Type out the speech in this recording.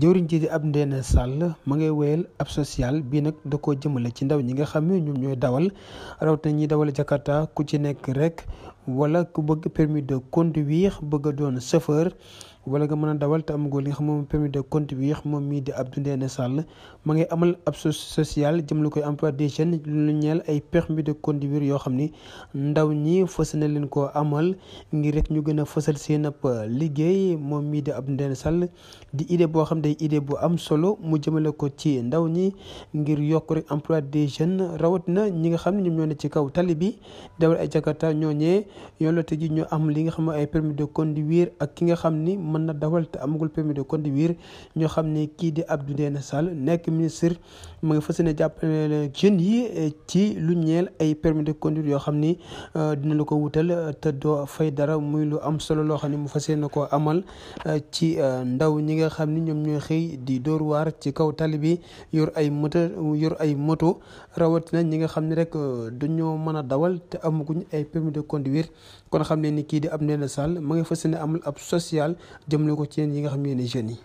jëwriñ ji di ab Abdoulaye Sall mu ngay wéyal ab social bii nag da koo jëmale ci ndaw ñi nga xam ne ñoom ñooy dawal rawatina ñuy dawal Jakarta ku ci nekk rek wala ku bëgg permis de conduire bëgg doon chauffeur. wala nga mën a dawal te amagoo li nga xam moom permis de conduire moom mii di Abdou Ndéné Sall ma ngay amal ab social jëm koy emploi des jeunes lu ñeel ay permis de conduire yoo xam ni ndaw ñi fës na leen ko amal ngir rek ñu gën a fësal seen ab liggéey moom mii di Abdou Ndéné Sall di idée boo xam day idée bu am solo mu jëmale ko ci ndaw ñi ngir yokk rek emploi des jeunes na ñi nga xam ne ñoom ñoo ne ci kaw tali bi dawal ay jakarta ñoo ñee yoon la te am li nga xam ay permis de ak ki nga xam mën na dawal te amagul permis de conduire ñoo xam ne kii di Abdou Ndéné Sall nekk ministre mu ngi fas yéene jàppale jeunes yi eh, ci lu ay permis de conduire yoo xam ni eh, dina la ko wutal te doo fay dara muy lu am solo loo xam ne mu fas yéene koo amal eh, ci ndaw ñi nga xam ni ñoom ñooy xëy di dóor ci kaw tali bi yor ay moto ay moto rawatina ñi nga xam ne rek dañoo mën a dawal te amaguñ ay permis de conduire kon xam ne ni kii di Abdou Ndéné Sall mu ngi fas yéene amal ab sociale jëmle ko ci yéen yi nga xam ne yéen ay jeunes